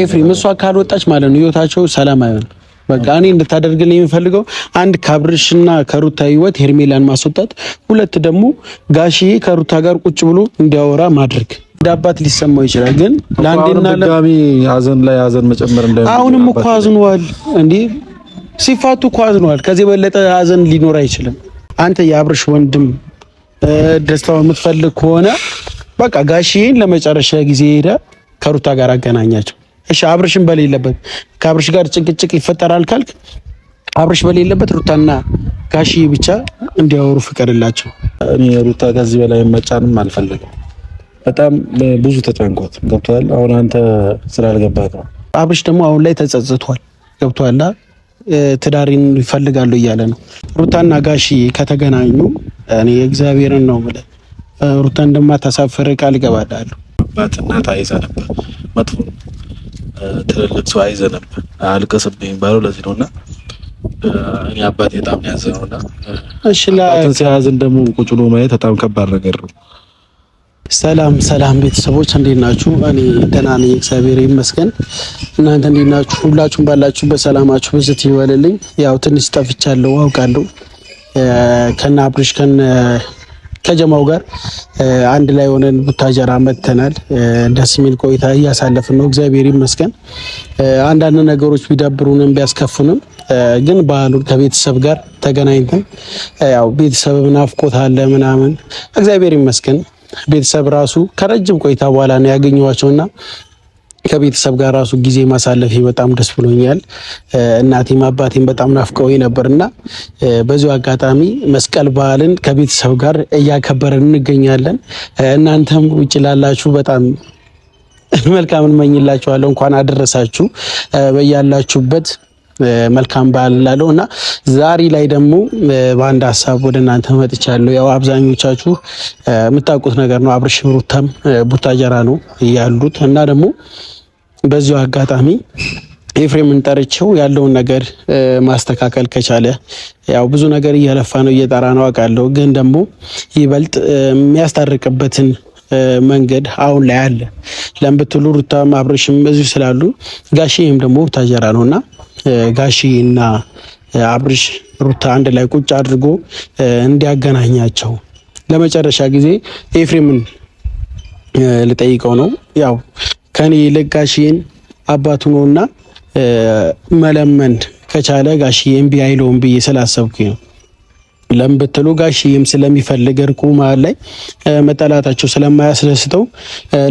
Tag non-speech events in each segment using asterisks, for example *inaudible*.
ኤፍሬም እሷ ካልወጣች ማለት ነው ህይወታቸው ሰላም አይሆን። በቃ እኔ እንድታደርግልኝ የምፈልገው አንድ ካብርሽና ከሩታ ህይወት ሄርሜላን ማስወጣት፣ ሁለት ደግሞ ጋሽዬ ከሩታ ጋር ቁጭ ብሎ እንዲያወራ ማድረግ። እንደ አባት ሊሰማው ይችላል፣ ግን ለአንዴና ለጋሚ ሀዘን ላይ አዘን መጨመር እንደ አሁንም እኮ አዝኗል እንዴ ሲፋቱ እኮ አዝኗል። ከዚህ የበለጠ አዘን ሊኖር አይችልም። አንተ የአብርሽ ወንድም ደስታውን የምትፈልግ ከሆነ በቃ ጋሽዬን ለመጨረሻ ጊዜ ሄደ ከሩታ ጋር አገናኛቸው። እሺ አብርሽን በሌለበት ከአብርሽ ጋር ጭቅጭቅ ይፈጠራል ካልክ አብርሽ በሌለበት ሩታና ጋሺ ብቻ እንዲያወሩ ፍቀድላቸው። እኔ ሩታ ከዚህ በላይ መጫንም አልፈልግም። በጣም ብዙ ተጨንቆት ገብቶሃል። አሁን አንተ ስላልገባት ነው። አብርሽ ደግሞ አሁን ላይ ተጸጽቷል። ገብቶሃል። ትዳሪን ይፈልጋሉ እያለ ነው። ሩታና ጋሺ ከተገናኙ እኔ እግዚአብሔርን ነው ብለህ ሩታ እንደማታሳፍር ቃል እገባለሁ። አባትና ታይዛ ነበር መጥፎ ትልልቅ ሰው አይዘንም አልቅስም የሚባለው ለዚህ ነው እና እኔ አባቴ በጣም ነው ያዘነው እና አባትን ሲያዝን ደግሞ ቁጭ ብሎ ማየት በጣም ከባድ ነገር ነው። ሰላም ሰላም ቤተሰቦች እንዴት ናችሁ? እኔ ደህና ነኝ፣ እግዚአብሔር ይመስገን። እናንተ እንዴት ናችሁ? ሁላችሁም ባላችሁ በሰላማችሁ ብዝት ይበልልኝ። ያው ትንሽ ጠፍቻለሁ አውቃለሁ። ከነ አብርሽ ከነ ከጀማው ጋር አንድ ላይ ሆነን ቡታጀራ መጥተናል። ደስ የሚል ቆይታ እያሳለፍን ነው፣ እግዚአብሔር ይመስገን። አንዳንድ ነገሮች ቢዳብሩንም ቢያስከፉንም ግን ባህሉን ከቤተሰብ ጋር ተገናኝተን ያው ቤተሰብ ናፍቆት አለ ምናምን፣ እግዚአብሔር ይመስገን። ቤተሰብ ራሱ ከረጅም ቆይታ በኋላ ነው ያገኘዋቸውና ከቤተሰብ ጋር ራሱ ጊዜ ማሳለፍ በጣም ደስ ብሎኛል። እናቴም አባቴም በጣም ናፍቀው ነበር እና በዚሁ አጋጣሚ መስቀል በዓልን ከቤተሰብ ጋር እያከበረን እንገኛለን። እናንተም ውጭ ላላችሁ በጣም መልካም እንመኝላችኋለሁ። እንኳን አደረሳችሁ በያላችሁበት መልካም በዓል ላለው እና ዛሬ ላይ ደግሞ በአንድ ሀሳብ ወደ እናንተ መጥቻለሁ። ያው አብዛኞቻችሁ የምታውቁት ነገር ነው። አብርሽ ሩታም ቡታጀራ ነው ያሉት እና ደግሞ በዚሁ አጋጣሚ ኤፍሬምን ጠርቼው ያለውን ነገር ማስተካከል ከቻለ ያው ብዙ ነገር እየለፋ ነው እየጠራ ነው አውቃለሁ። ግን ደግሞ ይበልጥ የሚያስታርቅበትን መንገድ አሁን ላይ አለ ለምብትሉ ሩታ አብረሽም እዚሁ ስላሉ ጋሽም ደግሞ ታጀራ ነውና ጋሺ እና አብርሽ ሩታ አንድ ላይ ቁጭ አድርጎ እንዲያገናኛቸው ለመጨረሻ ጊዜ ኤፍሬምን ልጠይቀው ነው ያው ከኔ ይልቅ ጋሽዬን አባቱ ነውና መለመን ከቻለ ጋሽዬ እምቢ ብዬ ስላሰብኩኝ ነው። ለምን ብትሉ ጋሽዬም ስለሚፈልግ እርቁ መሀል ላይ መጠላታቸው ስለማያስደስተው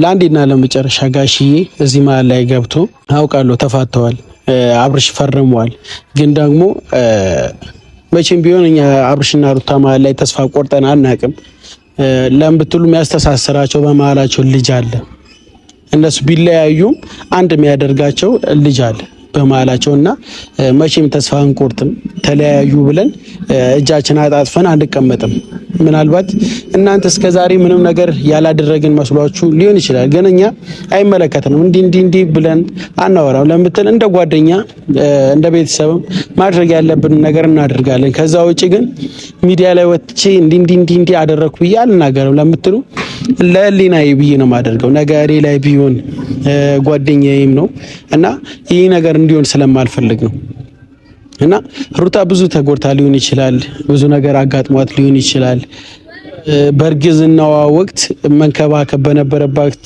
ለአንዴና ለመጨረሻ ጋሽዬ እዚህ መሀል ላይ ገብቶ አውቃለሁ፣ ተፋተዋል፣ አብርሽ ፈርመዋል። ግን ደግሞ መቼም ቢሆን እኛ አብርሽና ሩታ መሀል ላይ ተስፋ ቆርጠን አናቅም። ለምን ብትሉ የሚያስተሳስራቸው በመሀላቸው ልጅ አለ። እነሱ ቢለያዩም አንድ የሚያደርጋቸው ልጅ አለ። በመሀላቸው እና መቼም ተስፋ አንቆርጥም፣ ተለያዩ ብለን እጃችን አጣጥፈን አንቀመጥም። ምናልባት እናንተ እስከዛሬ ምንም ነገር ያላደረግን መስሏችሁ ሊሆን ይችላል፣ ግን እኛ አይመለከትም እንዲህ እንዲህ እንዲህ ብለን አናወራም ለምትል እንደ ጓደኛ እንደ ቤተሰብ ማድረግ ያለብን ነገር እናደርጋለን። ከዛ ውጭ ግን ሚዲያ ላይ ወጥቼ እንዲህ እንዲህ እንዲህ አደረግኩ ብዬ አልናገርም ለምትሉ ለህሊናዬ ብዬ ነው የማደርገው። ነገሬ ላይ ቢሆን ጓደኛዬም ነው እና ይህ ነገር እንዲሆን ስለማልፈልግ ነው። እና ሩታ ብዙ ተጎድታ ሊሆን ይችላል፣ ብዙ ነገር አጋጥሟት ሊሆን ይችላል። በእርግዝናዋ ወቅት መንከባከብ በነበረባት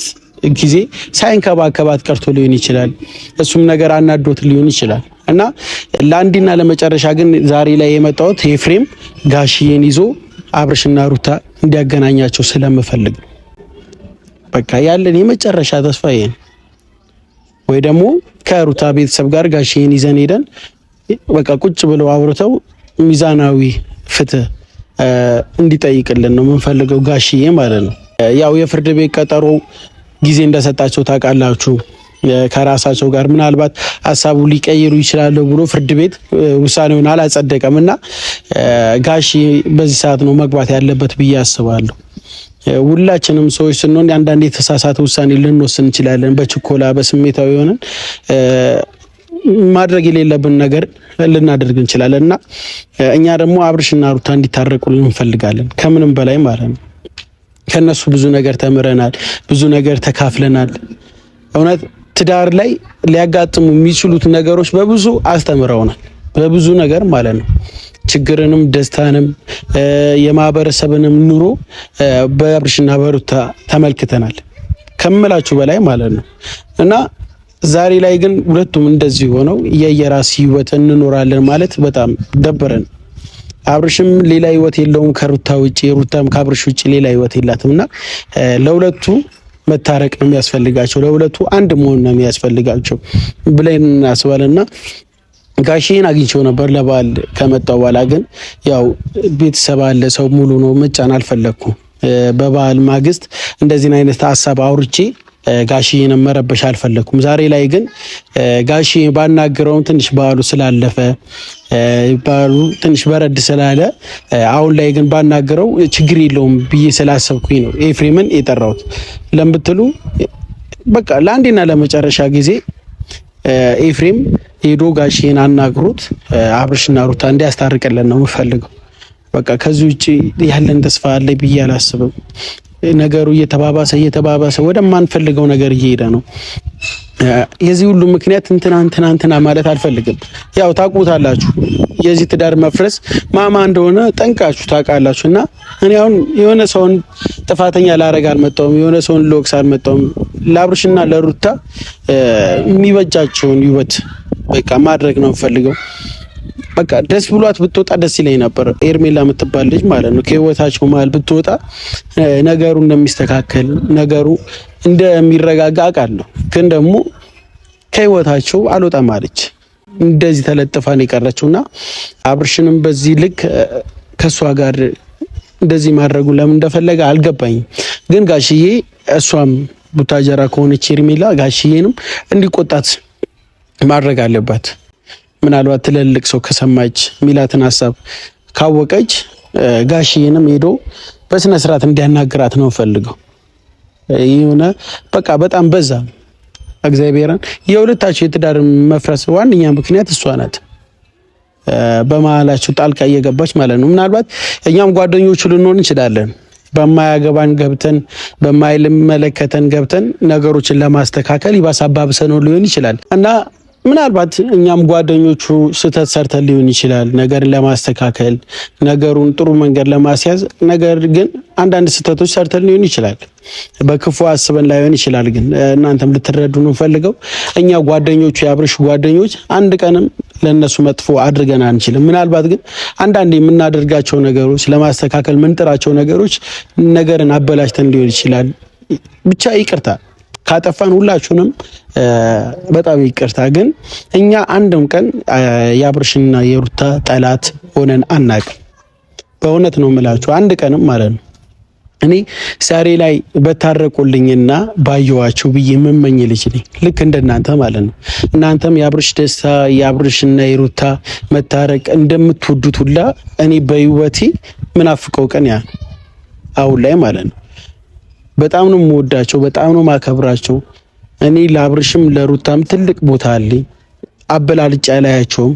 ጊዜ ሳይንከባከባት ቀርቶ ሊሆን ይችላል። እሱም ነገር አናዶት ሊሆን ይችላል እና ለአንድና ለመጨረሻ ግን ዛሬ ላይ የመጣሁት ኤፍሬም ጋሽዬን ይዞ አብርሽና ሩታ እንዲያገናኛቸው ስለምፈልግ በቃ ያለን የመጨረሻ ተስፋ ይሄን ወይ ደግሞ ከሩታ ቤተሰብ ጋር ጋሽን ይዘን ሄደን በቃ ቁጭ ብለው አውርተው ሚዛናዊ ፍትህ እንዲጠይቅልን ነው የምንፈልገው፣ ጋሽዬ ማለት ነው። ያው የፍርድ ቤት ቀጠሮ ጊዜ እንደሰጣቸው ታውቃላችሁ። ከራሳቸው ጋር ምናልባት ሀሳቡ ሊቀይሩ ይችላሉ ብሎ ፍርድ ቤት ውሳኔውን አላጸደቀም እና ጋሽ በዚህ ሰዓት ነው መግባት ያለበት ብዬ አስባለሁ። ሁላችንም ሰዎች ስንሆን አንዳንድ የተሳሳተ ውሳኔ ልንወስን እንችላለን። በችኮላ በስሜታዊ ሆነን ማድረግ የሌለብን ነገር ልናደርግ እንችላለን እና እኛ ደግሞ አብርሽና ሩታ እንዲታረቁ እንፈልጋለን ከምንም በላይ ማለት ነው። ከነሱ ብዙ ነገር ተምረናል፣ ብዙ ነገር ተካፍለናል። እውነት ትዳር ላይ ሊያጋጥሙ የሚችሉት ነገሮች በብዙ አስተምረውናል፣ በብዙ ነገር ማለት ነው። ችግርንም ደስታንም የማህበረሰብንም ኑሮ በአብርሽና በሩታ ተመልክተናል ከምላችሁ በላይ ማለት ነው እና ዛሬ ላይ ግን ሁለቱም እንደዚህ ሆነው የየራስ ህይወት እንኖራለን ማለት በጣም ደበረን። አብርሽም ሌላ ህይወት የለውም ከሩታ ውጭ፣ ሩታም ከአብርሽ ውጭ ሌላ ህይወት የላትም እና ለሁለቱ መታረቅ ነው የሚያስፈልጋቸው፣ ለሁለቱ አንድ መሆን ነው የሚያስፈልጋቸው ብለን እናስባለና ጋሼን አግኝቼው ነበር ለበዓል ከመጣው በኋላ ግን ያው ቤተሰብ አለ ሰው ሙሉ ነው መጫን አልፈለግኩም። በበዓል ማግስት እንደዚህን አይነት ሀሳብ አውርቼ ጋሼን መረበሽ አልፈለግኩም። ዛሬ ላይ ግን ጋሺ ባናግረውም ትንሽ በዓሉ ስላለፈ በዓሉ ትንሽ በረድ ስላለ አሁን ላይ ግን ባናግረው ችግር የለውም ብዬ ስላሰብኩኝ ነው ኤፍሬምን የጠራሁት። ለምትሉ በቃ ለአንዴና ለመጨረሻ ጊዜ ኤፍሬም ሄዶ ጋሽን አናግሮት አብርሽና ሩታ እንዲያስታርቅልን ነው የምፈልገው። በቃ ከዚህ ውጭ ያለን ተስፋ አለ ብዬ አላስብም። ነገሩ እየተባባሰ እየተባባሰ ወደማንፈልገው ነገር እየሄደ ነው። የዚህ ሁሉ ምክንያት እንትና እንትና እንትና ማለት አልፈልግም። ያው ታውቁታላችሁ የዚህ ትዳር መፍረስ ማማ እንደሆነ ጠንቃችሁ ታውቃላችሁ። እና እኔ አሁን የሆነ ሰውን ጥፋተኛ ላረግ አልመጣሁም። የሆነ ሰውን ልወቅስ አልመጣሁም። ለአብርሽና ለሩታ የሚበጃቸውን ይወት በቃ ማድረግ ነው የምፈልገው። በቃ ደስ ብሏት ብትወጣ ደስ ይለኝ ነበር። ኤርሜላ የምትባል ልጅ ማለት ነው ከህይወታቸው መሀል ብትወጣ ነገሩ እንደሚስተካከል ነገሩ እንደሚረጋጋ አውቃለሁ። ግን ደግሞ ከህይወታቸው አልወጣም አለች። እንደዚህ ተለጥፋን የቀረችው እና አብርሽንም በዚህ ልክ ከእሷ ጋር እንደዚህ ማድረጉ ለምን እንደፈለገ አልገባኝም። ግን ጋሽዬ እሷም ቡታጀራ ከሆነች ኤርሜላ ጋሽዬንም እንዲቆጣት ማድረግ አለባት። ምናልባት ትልልቅ ሰው ከሰማች ሚላትን ሀሳብ ካወቀች ጋሽዬንም ሄዶ በስነ ስርዓት እንዲያናግራት ነው ፈልገው። የሆነ በቃ በጣም በዛ። እግዚአብሔርን የሁለታቸው የትዳር መፍረስ ዋነኛ ምክንያት እሷ ናት። በመሀላቸው ጣልቃ እየገባች ማለት ነው። ምናልባት እኛም ጓደኞቹ ልንሆን እንችላለን። በማያገባን ገብተን በማይመለከተን ገብተን ነገሮችን ለማስተካከል ይባስ ሊሆን ይችላል እና ምናልባት እኛም ጓደኞቹ ስህተት ሰርተን ሊሆን ይችላል፣ ነገርን ለማስተካከል ነገሩን ጥሩ መንገድ ለማስያዝ። ነገር ግን አንዳንድ ስህተቶች ሰርተን ሊሆን ይችላል፣ በክፉ አስበን ላይሆን ይችላል። ግን እናንተም ልትረዱ እንፈልገው እኛ ጓደኞቹ የአብርሽ ጓደኞች አንድ ቀንም ለእነሱ መጥፎ አድርገን አንችልም። ምናልባት ግን አንዳንድ የምናደርጋቸው ነገሮች ለማስተካከል ምንጥራቸው ነገሮች ነገርን አበላሽተን ሊሆን ይችላል። ብቻ ይቅርታል። ካጠፋን ሁላችሁንም በጣም ይቅርታ። ግን እኛ አንድም ቀን የአብርሽና የሩታ ጠላት ሆነን አናቅም። በእውነት ነው የምላችሁ፣ አንድ ቀንም ማለት ነው። እኔ ዛሬ ላይ በታረቁልኝና ባየዋችሁ ብዬ የምመኝ ልጅ ነኝ፣ ልክ እንደናንተ ማለት ነው። እናንተም የአብርሽ ደስታ የአብርሽና የሩታ መታረቅ እንደምትወዱት ሁላ እኔ በህይወቴ ምናፍቀው ቀን ያ አሁን ላይ ማለት ነው በጣም ነው የምወዳቸው፣ በጣም ነው ማከብራቸው። እኔ ለአብርሽም ለሩታም ትልቅ ቦታ አለኝ። አበላልጬ አላያቸውም።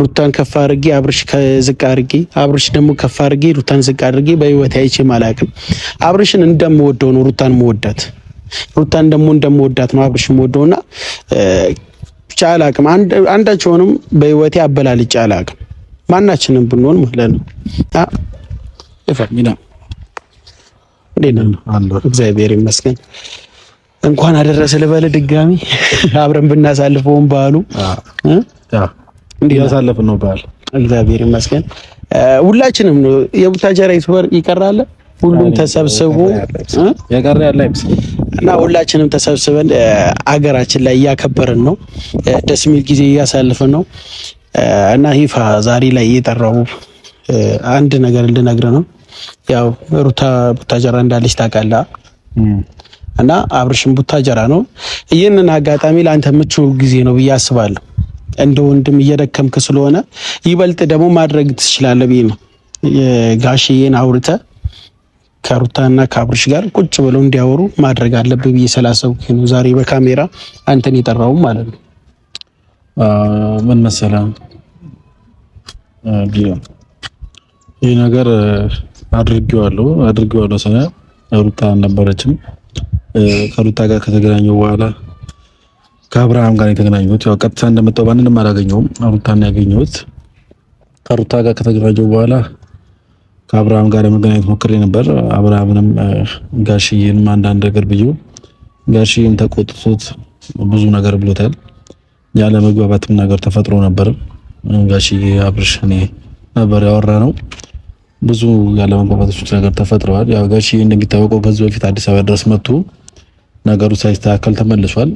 ሩታን ከፍ አድርጌ አብርሽ ዝቅ አድርጌ፣ አብርሽ ደግሞ ከፍ አድርጌ ሩታን ዝቅ አድርጌ በህይወት አይቼም አላውቅም። አብርሽን እንደምወደው ነው ሩታን መወዳት፣ ሩታን ደግሞ እንደምወዳት ነው አብርሽ መወደውና ብቻ አላውቅም። አንዳቸውንም በህይወቴ አበላልጬ አላውቅም። ማናችንም ብንሆን ማለት ነው። እንዴት ነው? እግዚአብሔር ይመስገን። እንኳን አደረሰ ልበል ድጋሚ *laughs* አብረን ብናሳልፈውን በዓሉ እያሳለፍን ነው። በዓል እግዚአብሔር ይመስገን። ሁላችንም ነው የቡታጀራ ዩቱበር ይቀራል። ሁሉም ተሰብስቦ የቀረ ያለ እና ሁላችንም ተሰብስበን አገራችን ላይ እያከበርን ነው። ደስ የሚል ጊዜ እያሳልፍን ነው እና ሂፋ ዛሬ ላይ የጠራው አንድ ነገር እንድነግር ነው ያው ሩታ ቡታጀራ እንዳለች ታውቃለህ እና አብርሽም ቡታጀራ ነው። ይህንን አጋጣሚ ለአንተ ምቹ ጊዜ ነው ብዬ አስባለሁ። እንደ ወንድም እየደከምክ ስለሆነ ይበልጥ ደግሞ ማድረግ ትችላለህ ብዬ ነው ጋሽዬን አውርተ ከሩታና ከአብርሽ ጋር ቁጭ ብለው እንዲያወሩ ማድረግ አለብህ ብዬ ስላሰብኩ ነው ዛሬ በካሜራ አንተን የጠራውም ማለት ነው። ምን መሰለህ ይህ ነገር አድርጌዋለሁ አድርጌዋለሁ ሰ ሩታ አልነበረችም። ከሩታ ጋር ከተገናኙ በኋላ ከአብርሃም ጋር የተገናኘሁት ያው ቀጥታ እንደመጣው ማንንም አላገኘሁም። ሩታን ያገኘሁት ከሩታ ጋር ከተገናኙ በኋላ ከአብርሃም ጋር ለመገናኘት ሞክሬ ነበር። አብርሃምንም ጋሽዬንም አንዳንድ ነገር ብዬው ጋሽዬም ተቆጥቶት ብዙ ነገር ብሎታል። ያለ መግባባትም ነገር ተፈጥሮ ነበር። ጋሽዬ አብርሽ እኔ ነበር ያወራ ነው ብዙ ያለመግባባቶች ነገር ተፈጥረዋል። ያው ጋሽ እንደሚታወቀው ከዚህ በፊት አዲስ አበባ ድረስ መጥቶ ነገሩ ሳይስተካከል ተመልሷል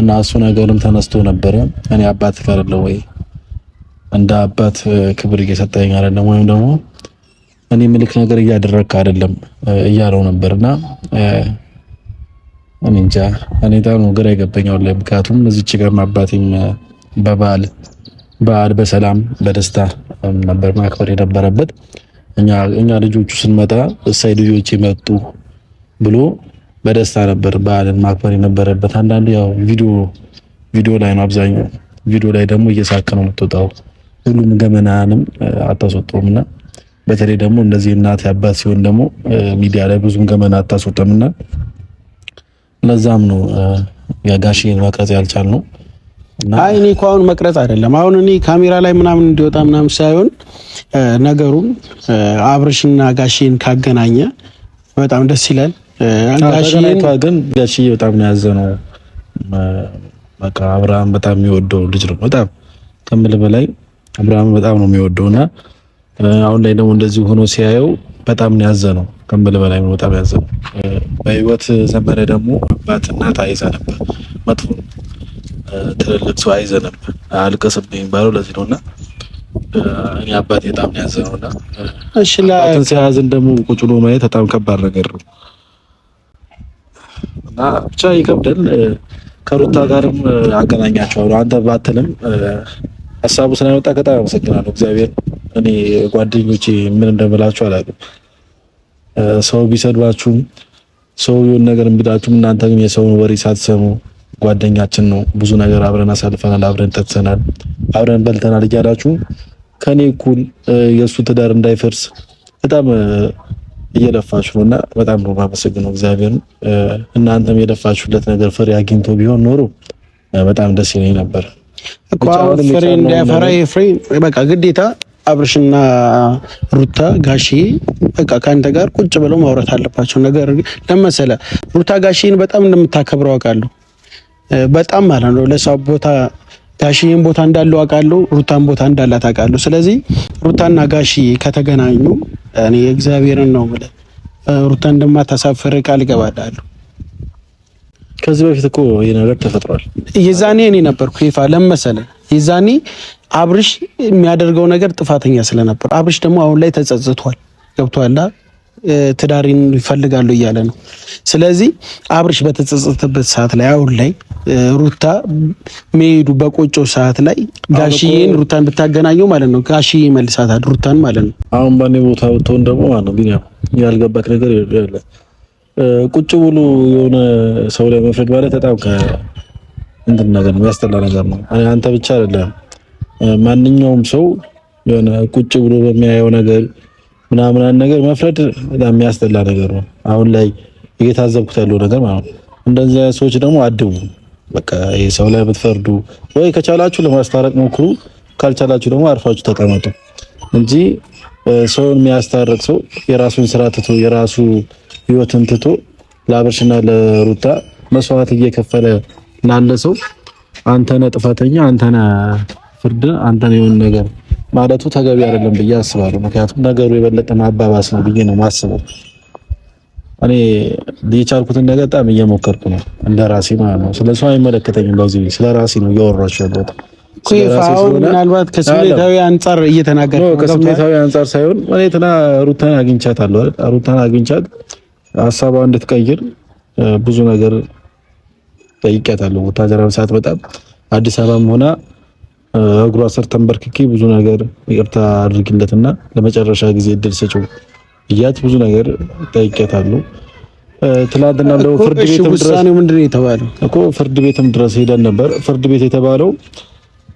እና እሱ ነገርም ተነስቶ ነበረ። እኔ አባት ካለ ወይ እንደ አባት ክብር እየሰጠኝ አይደለም ወይም ደግሞ እኔ ምልክ ነገር እያደረግክ አይደለም እያለው ነበርና እኔ እንጃ እኔ ታኑ ግራ ይገባኛል ላይ ምክንያቱም እዚች ጋር አባቴም በበዓል በዓል በሰላም በደስታ ነበር ማክበር የነበረበት። እኛ እኛ ልጆቹ ስንመጣ እሳይ ልጆች የመጡ ብሎ በደስታ ነበር በዓልን ማክበር የነበረበት። አንዳንዱ ያው ቪዲዮ ቪዲዮ ላይ ነው አብዛኛው ቪዲዮ ላይ ደግሞ እየሳከ ነው የምትወጣው። ሁሉም ገመናንም አታስወጣውም በተለይ ደግሞ እንደዚህ እናት ያባት ሲሆን ደግሞ ሚዲያ ላይ ብዙም ገመና አታስወጣም እና ለዛም ነው የጋሼን መቅረጽ ያልቻል ነው አይ እኔ እኮ አሁን መቅረጽ አይደለም አሁን እኔ ካሜራ ላይ ምናምን እንዲወጣ ምናምን ሳይሆን ነገሩን አብርሽና ጋሼን ካገናኘ በጣም ደስ ይላል። ጋሽይቷ ግን ጋሽዬ በጣም ነው ያዘነው። በቃ አብርሃም በጣም የሚወደው ልጅ ነው። በጣም ከምል በላይ አብርሃም በጣም ነው የሚወደው እና አሁን ላይ ደግሞ እንደዚህ ሆኖ ሲያየው በጣም ነው ያዘነው። ከምል በላይ ነው በጣም ያዘነው። በህይወት ዘመነ ደግሞ አባትና ታይዛ ነበር መጥፎ ትልልቅ ሰው አይዘንም አልቀስም የሚባለው ለዚህ ነው እና እኔ አባቴ በጣም ያዘነው እና ሲያዝን ደግሞ ቁጭ ብሎ ማየት በጣም ከባድ ነገር ነው እና ብቻ ይከብዳል። ከሩታ ጋርም አገናኛቸዋለሁ አንተ ባትልም ሀሳቡ ስለመጣ በጣም አመሰግናለሁ። እግዚአብሔር እኔ ጓደኞቼ ምን እንደምላችሁ አላውቅም። ሰው ቢሰድባችሁም ሰው የሆነ ነገር ቢላችሁም እናንተ ግን የሰውን ወሬ ሳትሰሙ ጓደኛችን ነው። ብዙ ነገር አብረን አሳልፈናል፣ አብረን ጠጥተናል፣ አብረን በልተናል እያላችሁ ከኔ እኩል የእሱ ትዳር እንዳይፈርስ በጣም እየለፋችሁ ነው እና በጣም ነው የማመሰግነው እግዚአብሔርን። እናንተም የለፋችሁለት ነገር ፍሬ አግኝቶ ቢሆን ኖሮ በጣም ደስ ይለኝ ነበር። ፍሬ እንዳያፈራ ፍሬ በቃ ግዴታ አብርሽና ሩታ ጋሼ በቃ ከአንተ ጋር ቁጭ ብለው ማውራት አለባቸው። ነገር ለመሰለ ሩታ ጋሼን በጣም እንደምታከብረው አውቃለሁ። በጣም ማለት ነው ለእሷ ቦታ ጋሽዬን ቦታ እንዳለው አውቃለሁ፣ ሩታን ቦታ እንዳላት አውቃለሁ። ስለዚህ ሩታና ጋሽዬ ከተገናኙ እኔ እግዚአብሔርን ነው ብለ ሩታን እንደማታሳፍር ቃል እገባላለሁ። ከዚህ በፊት እኮ ይሄ ነገር ተፈጥሯል። የዛኔ እኔ ነበርኩ ይፋ ለመሰለ የዛኔ አብርሽ የሚያደርገው ነገር ጥፋተኛ ስለነበር አብርሽ ደግሞ አሁን ላይ ተጸጽቷል። ገብቷላ ትዳሪን ይፈልጋሉ እያለ ነው። ስለዚህ አብርሽ በተጸጸተበት ሰዓት ላይ አሁን ላይ ሩታ መሄዱ በቆጮ ሰዓት ላይ ጋሽዬን ሩታን ብታገናኘው ማለት ነው፣ ጋሽዬ መልሳታል ሩታን ማለት ነው። አሁን በእኔ ቦታ ብትሆን ደግሞ ማለት ነው ቢኒያም ያልገባክ ነገር የለ ቁጭ ብሎ የሆነ ሰው ላይ መፍረድ ማለት በጣም እንትን ነገር ነው፣ ያስጠላ ነገር ነው። አንተ ብቻ አይደለም ማንኛውም ሰው የሆነ ቁጭ ብሎ በሚያየው ነገር ምናምን ነገር መፍረድ በጣም የሚያስጠላ ነገር ነው። አሁን ላይ እየታዘብኩት ያለው ነገር ማለት ነው። እንደዚህ ሰዎች ደግሞ አድቡ በቃ ይሄ ሰው ላይ ብትፈርዱ ወይ ከቻላችሁ ለማስታረቅ ሞክሩ፣ ካልቻላችሁ ደግሞ አርፋችሁ ተቀመጡ እንጂ ሰውን የሚያስታርቅ ሰው የራሱን ስራ ትቶ የራሱ ህይወትን ትቶ ለአብርሽና ለሩታ መስዋዕት እየከፈለ ላለ ሰው አንተ ጥፋተኛ፣ አንተ ፍርድ፣ አንተ የሆነ ነገር ማለቱ ተገቢ አይደለም ብዬ አስባለሁ። ምክንያቱም ነገሩ የበለጠ ማባባስ ነው ብዬ ነው ማስበው። እኔ የቻልኩትን ነገር በጣም እየሞከርኩ ነው፣ እንደ ራሴ ማለት ነው። ስለ ሰው አይመለከተኝም። በዚህ ስለ ራሴ ነው እያወራችሁ ያለሁት። ምናልባት ከስሜታዊ አንጻር እየተናገርኩ ነው። ከስሜታዊ አንጻር ሳይሆን ትናንትና ሩታን አግኝቻት አለ ሩታን አግኝቻት ሀሳቧ እንድትቀይር ብዙ ነገር ጠይቄያታለሁ። ወታደራዊ ሰዓት በጣም አዲስ አበባም ሆና እግሯ ስር ተንበርክኬ ብዙ ነገር ይቅርታ አድርግለትና ለመጨረሻ ጊዜ እድል ስጪው እያት ብዙ ነገር ጠይቄያታለሁ። ትላንትና እንደው ፍርድ ቤት ውሳኔው ምንድን ነው የተባለው እኮ ፍርድ ቤትም ድረስ ሄደን ነበር። ፍርድ ቤት የተባለው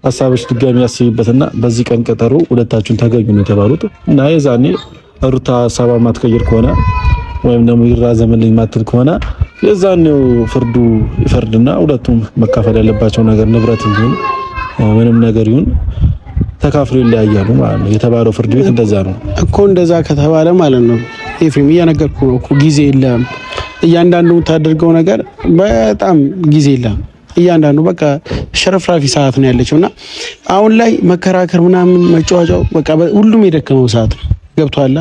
ሀሳቦች ድጋሚ ያስብበትና በዚህ ቀን ቀጠሮ ሁለታችሁን ተገኙ ነው የተባሉት እና የዛኔ ሩታ ሳባ ማትቀይር ከሆነ ወይም ደግሞ ይራዘምልኝ ማትል ከሆነ የዛኔው ፍርዱ ይፈርድና ሁለቱም መካፈል ያለባቸው ነገር ንብረት ይሁን ምንም ነገር ይሁን ተካፍሎ ይለያያሉ ማለት ነው። የተባለው ፍርድ ቤት እንደዛ ነው እኮ። እንደዛ ከተባለ ማለት ነው ኤፍሬም፣ እያነገርኩ ነው እኮ ጊዜ የለም። እያንዳንዱ የምታደርገው ነገር በጣም ጊዜ የለም። እያንዳንዱ በቃ ሸረፍራፊ ሰዓት ነው ያለችው እና አሁን ላይ መከራከር ምናምን መጫወጫው በቃ ሁሉም የደከመው ሰዓት ነው። ገብቷላ።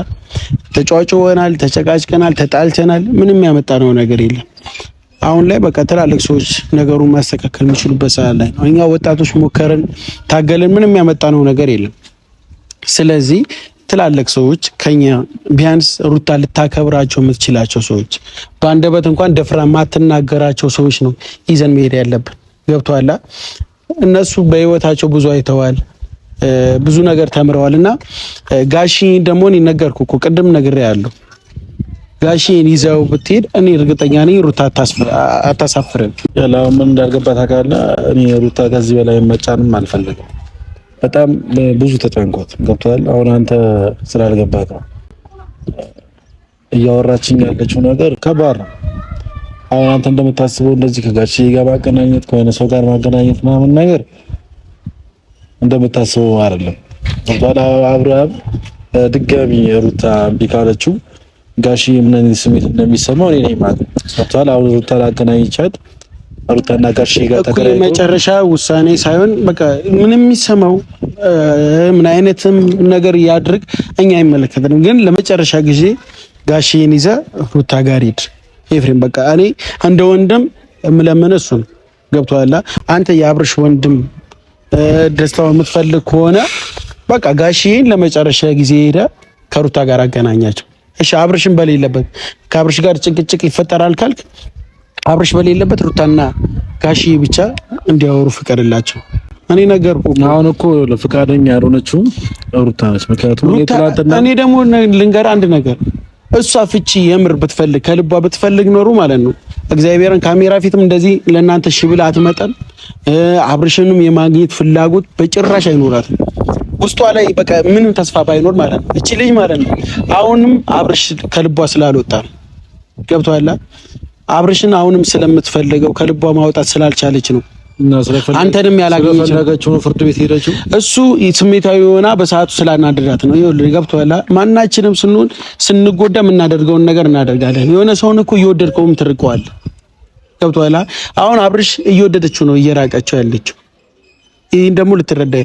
ተጫዋጭ ሆናል፣ ተጨቃጭቀናል፣ ተጣልተናል። ምንም ያመጣነው ነገር የለም። አሁን ላይ በቃ ትላልቅ ሰዎች ነገሩን ማስተካከል የሚችሉበት ሰዓት ላይ ነው። እኛ ወጣቶች ሞከርን፣ ታገልን፣ ምንም ያመጣ ነው ነገር የለም። ስለዚህ ትላልቅ ሰዎች ከኛ ቢያንስ ሩታ ልታከብራቸው የምትችላቸው ሰዎች፣ በአንደበት እንኳን ደፍራ ማትናገራቸው ሰዎች ነው ይዘን መሄድ ያለብን። ገብቶሃል? እነሱ በህይወታቸው ብዙ አይተዋል፣ ብዙ ነገር ተምረዋል። እና ጋሺ ደግሞ ነገርኩ እኮ ቅድም ነግሬ ያለሁ ጋሽን ይዘው ብትሄድ እኔ እርግጠኛ ነኝ ሩታ አታሳፍርም። ያለው ምን እንዳልገባት ታውቃለህ። እኔ ሩታ ከዚህ በላይ መጫንም አልፈልግም። በጣም ብዙ ተጨንቆት ገብቶሃል። አሁን አንተ ስላልገባት ነው እያወራችኝ ያለችው ነገር ከባድ ነው። አሁን አንተ እንደምታስበው እንደዚህ ከጋሼ ጋር ማገናኘት ከሆነ ሰው ጋር ማገናኘት ምናምን ነገር እንደምታስበው አይደለም። አብርሃም ድጋሚ ሩታ እምቢ ካለችው ጋሺ ምን ስሜት እንደሚሰማው እኔ ነኝ ማለት ነው። አሁን ሩታ ላገናኝቻት ሩታና ጋሺ ጋር ተገናኝተው መጨረሻ ውሳኔ ሳይሆን በቃ ምንም የሚሰማው ምን አይነትም ነገር ያድርግ እኛ አይመለከተንም። ግን ለመጨረሻ ጊዜ ጋሽዬን ይዘ ሩታ ጋር ሂድ ኤፍሬም። በቃ እኔ እንደ ወንድም የምለምን እሱ ነው። ገብቶሃል? አንተ የአብርሽ ወንድም ደስታው የምትፈልግ ከሆነ በቃ ጋሺን ለመጨረሻ ጊዜ ሄደ ከሩታ ጋር አገናኛቸው። እሺ አብርሽን በሌለበት ከአብርሽ ጋር ጭቅጭቅ ይፈጠራል ካልክ አብርሽ በሌለበት ሩታና ጋሺ ብቻ እንዲያወሩ ፍቀድላቸው። እኔ ነገር አሁን እኮ ለፍቃደኛ ያልሆነችው ሩታ ነች። ምክንያቱም እኔ ደግሞ ልንገር አንድ ነገር እሷ ፍቺ የምር ብትፈልግ ከልቧ ብትፈልግ ኖሩ ማለት ነው እግዚአብሔርን ካሜራ ፊትም እንደዚህ ለእናንተ ሽብላት አትመጠን አብርሽንም የማግኘት ፍላጎት በጭራሽ አይኖራትም። ውስጧ ላይ በቃ ምንም ተስፋ ባይኖር ማለት ነው እቺ ልጅ ማለት ነው። አሁንም አብርሽ ከልቧ ስላልወጣ ገብቷል። አብርሽን አሁንም ስለምትፈልገው ከልቧ ማውጣት ስላልቻለች ነው አንተንም ያላገኘችው ፍርድ ቤት ሄደችው። እሱ ስሜታዊ የሆና በሰዓቱ ስላናደዳት ነው። ይኸውልህ ገብቶሃል። ማናችንም ስንሆን ስንጎዳ የምናደርገውን ነገር እናደርጋለን። የሆነ ሰውን እኮ እየወደድከውም ትርቀዋለህ ገብቶሃል። አሁን አብርሽ እየወደደችው ነው እየራቀችው ያለችው። ይህን ደግሞ ልትረዳ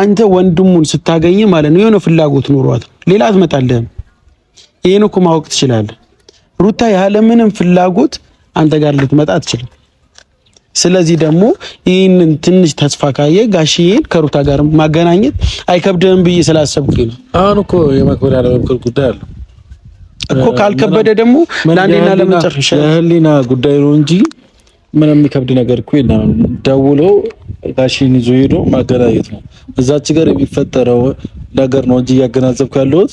አንተ ወንድሙን ስታገኝ ማለት ነው የሆነ ፍላጎት ኑሯት ሌላ አትመጣልህም። ይህን እኮ ማወቅ ትችላለህ። ሩታ ያለምንም ፍላጎት አንተ ጋር ልትመጣ አትችልም። ስለዚህ ደግሞ ይህንን ትንሽ ተስፋ ካየ ጋሽዬን ከሩታ ጋር ማገናኘት አይከብድህም ብዬ ስላሰብኩኝ ነው። አሁን እኮ የማክበር ያለመምክር ጉዳይ አለ እኮ። ካልከበደ ደግሞ ለአንዴና ለመጨረሻ የህሊና ጉዳይ ነው እንጂ ምንም የሚከብድ ነገር እኮ የለም። ደውሎ ጋሽን ይዞ ሄዶ ማገናኘት ነው። እዛች ጋር የሚፈጠረው ነገር ነው እንጂ እያገናዘብኩ ያለሁት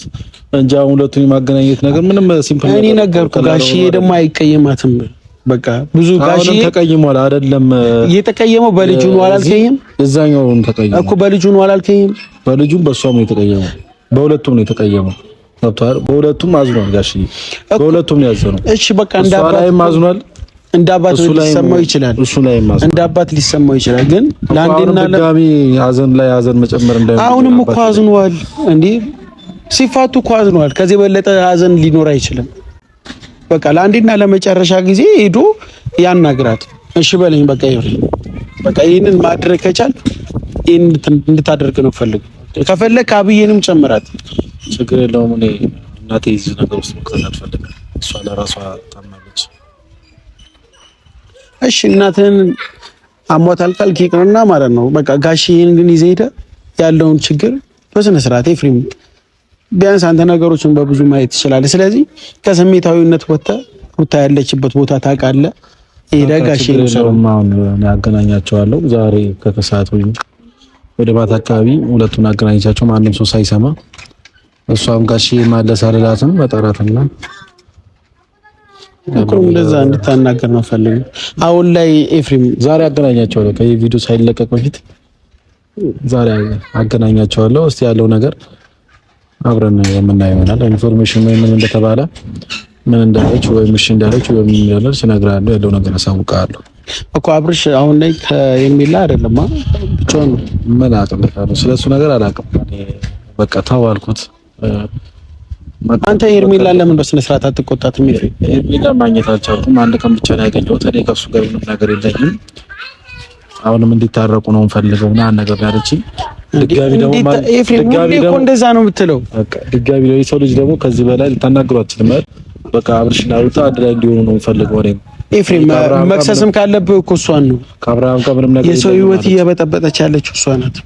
እንጂ አሁን ሁለቱን የማገናኘት ነገር ምንም ሲምፕል ነገር። እኔ ነገርኩ ጋሽ ደግሞ አይቀየማትም። በቃ ብዙ ጋሽ ተቀይሟል አይደለም? የተቀየመው በልጁ ነው አላልከኝም? እዛኛው ነው ተቀየመው እኮ በልጁ ነው አላልከኝም? በልጁም በሷም ነው የተቀየመው፣ በሁለቱም ነው የተቀየመው። በሁለቱም አዝኗል ጋሽ፣ በሁለቱም ነው ያዘነው። እሺ በቃ እንዳባ ላይ አዝኗል እንደ አባት ሊሰማው ይችላል፣ እሱ ላይ እንደ አባት ሊሰማው ይችላል። ግን ለአንዴና ለጋሚ ሀዘን ላይ ሀዘን መጨመር እንደ አሁንም እኮ አዝኗል እንዴ ሲፋቱ እኮ አዝኗል። ከዚህ በለጠ ሀዘን ሊኖር አይችልም። በቃ ለአንዴና ለመጨረሻ ጊዜ ሄዶ ያናግራት። እሺ በለኝ በቃ ይሁን በቃ ይህንን ማድረግ ከቻል ይህን እንድታደርግ ነው ፈልግ ከፈለግ አብዬንም ጨምራት። ችግር የለውም። እኔ እናቴ እዚህ ነገር ውስጥ መክተት አልፈልግም። እሷ ለራሷ ታማ እሺ እናትህን አሟታል ካልክ ይቅርና ማለት ነው በቃ ጋሽዬን ግን ይዘህ ሄደህ ያለውን ችግር በስነ ስርዓት ኤፍሬም፣ ቢያንስ አንተ ነገሮችን በብዙ ማየት ትችላለህ። ስለዚህ ከስሜታዊነት ወጥተህ ሩታ ያለችበት ቦታ ታውቃለህ። ሄደህ ጋሽዬን ሰውማውን ያገናኛቸዋለሁ። ዛሬ ከከሰዓት ወይም ወደ ማታ አካባቢ ሁለቱን አገናኝቻቸው ማንም ሰው ሳይሰማ እሷም ጋሽዬ ማለስ አልላትም መጠራትና እንደዛ እንድታናገር ነው ፈልጉ። አሁን ላይ ኤፍሬም ዛሬ አገናኛቸዋለሁ ከቪዲዮ ሳይለቀቅ በፊት ዛሬ አገናኛቸዋለሁ። እስቲ ያለው ነገር አብረን የምናየው ይሆናል። ኢንፎርሜሽን ወይ ምን እንደተባለ ምን እንዳለች ወይ እሺ እንዳለች ወይ ምን እንዳለች እነግርሃለሁ። ያለው ነገር አሳውቅሃለሁ እኮ አብርሽ። አሁን ላይ ከየሚላ አይደለም ብቻውን ምን አቅም ስለሱ ነገር አላውቅም። በቃ ተው አልኩት። አንተ ሄርሜላ ለምን በስነ ስርዓት አትቆጣት? የሚል ሄርሜላ ማግኘት አልቻልኩም። አንድ ቀን ብቻ ነው ያገኘሁት። እኔ ከሱ ጋር ምንም ነገር የለኝም። አሁንም እንዲታረቁ ነው እንፈልገው እና ነገር ያለችኝ ድጋሚ ደግሞ ኤፍሬም እኮ እንደዛ ነው የምትለው። ድጋሚ ነው የሰው ልጅ ደግሞ ከዚህ በላይ ልታናግሩ አትችልም። በቃ አብርሽና ሩታ አንድ ላይ እንዲሆኑ ነው የምፈልገው። እኔም ኤፍሬም መክሰስም ካለብህ እኮ እሷን ነው ከአብርሃም ጋር ምንም ነገር የሰው ህይወት እየበጠበጠች ያለችው እሷ ናት።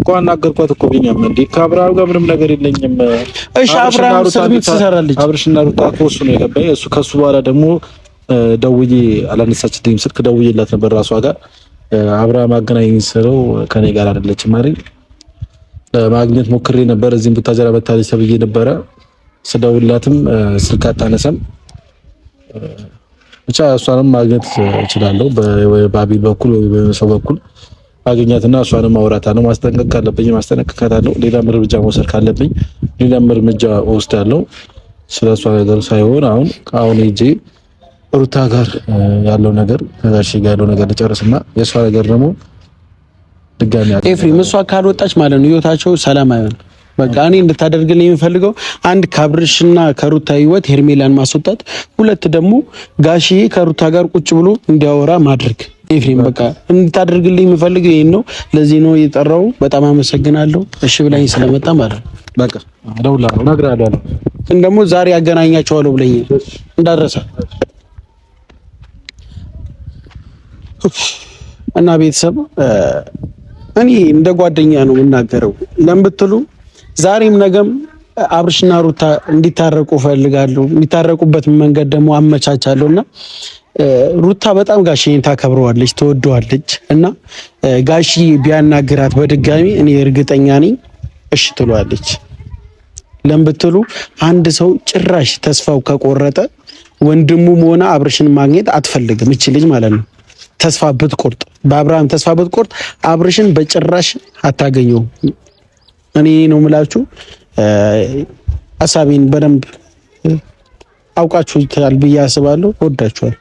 እኮ አናገርኳት እኮ ቢኒያም፣ እንደ ከአብርሃም ጋር ምንም ነገር የለኝም። እሺ አብርሃም እስር ቤት ትሰራለች። አብርሽና ሩታ እኮ ነው የገባኝ። እሱ ከሱ በኋላ ደግሞ ደውዬ አላነሳችልኝም። ስልክ ደውዬላት ነበር ራሷ ጋር አብርሃም አገናኘኝ ስለው ከኔ ጋር አይደለችም አይደል ለማግኘት ሞክሬ ነበር። እዚህም ብታጀራ መታለች ተብዬ ነበረ። ስደውላትም ስልክ አታነሰም። ብቻ እሷንም ማግኘት እችላለሁ በባቢ በኩል ወይ በሰው በኩል አገኛትና እሷንም ነው ማስጠንቀቅ ካለብኝ ማስጠንቀቃታለሁ። ሌላም እርምጃ መውሰድ ካለብኝ ሌላም እርምጃ ወስዳለሁ። ስለ እሷ ነገር ሳይሆን አሁን አሁን ሂጄ ሩታ ጋር ያለው ነገር ከዛሽ ጋር ያለው ነገር ልጨርስና የእሷ ነገር ደግሞ ድጋሚ ኤፍሬም እሷ ካልወጣች ማለት ነው ህይወታቸው ሰላም አይሆንም። በቃ እኔ እንድታደርግልኝ የምፈልገው አንድ ከአብርሽና ከሩታ ህይወት ሄርሜላን ማስወጣት፣ ሁለት ደግሞ ጋሽዬ ከሩታ ጋር ቁጭ ብሎ እንዲያወራ ማድረግ። ኤፍሬም በቃ እንድታደርግልኝ የምፈልገው ይህን ነው። ለዚህ ነው የጠራው። በጣም አመሰግናለሁ። እሺ ብላኝ ስለመጣ ማለት ነው። በቃ እነግርሃለሁ። ግን ደግሞ ዛሬ ያገናኛቸዋለሁ ብለኝ እንዳትረሳ እና ቤተሰብ እኔ እንደ ጓደኛ ነው የምናገረው ለምብትሉ ዛሬም ነገም አብርሽና ሩታ እንዲታረቁ እፈልጋለሁ። የሚታረቁበት መንገድ ደግሞ አመቻቻለሁ እና ሩታ በጣም ጋሽዬን ታከብረዋለች፣ ትወደዋለች እና ጋሽዬ ቢያናግራት በድጋሚ እኔ እርግጠኛ ነኝ እሽ ትሏለች። ለምን ብትሉ አንድ ሰው ጭራሽ ተስፋው ከቆረጠ ወንድሙም ሆነ አብርሽን ማግኘት አትፈልግም እች ልጅ ማለት ነው። ተስፋ ብትቆርጥ በአብርሃም ተስፋ ብትቆርጥ አብርሽን በጭራሽ አታገኘውም። እኔ ነው የምላችሁ። አሳቢን በደንብ አውቃችሁታል ብዬ አስባለሁ። ወዳችኋል።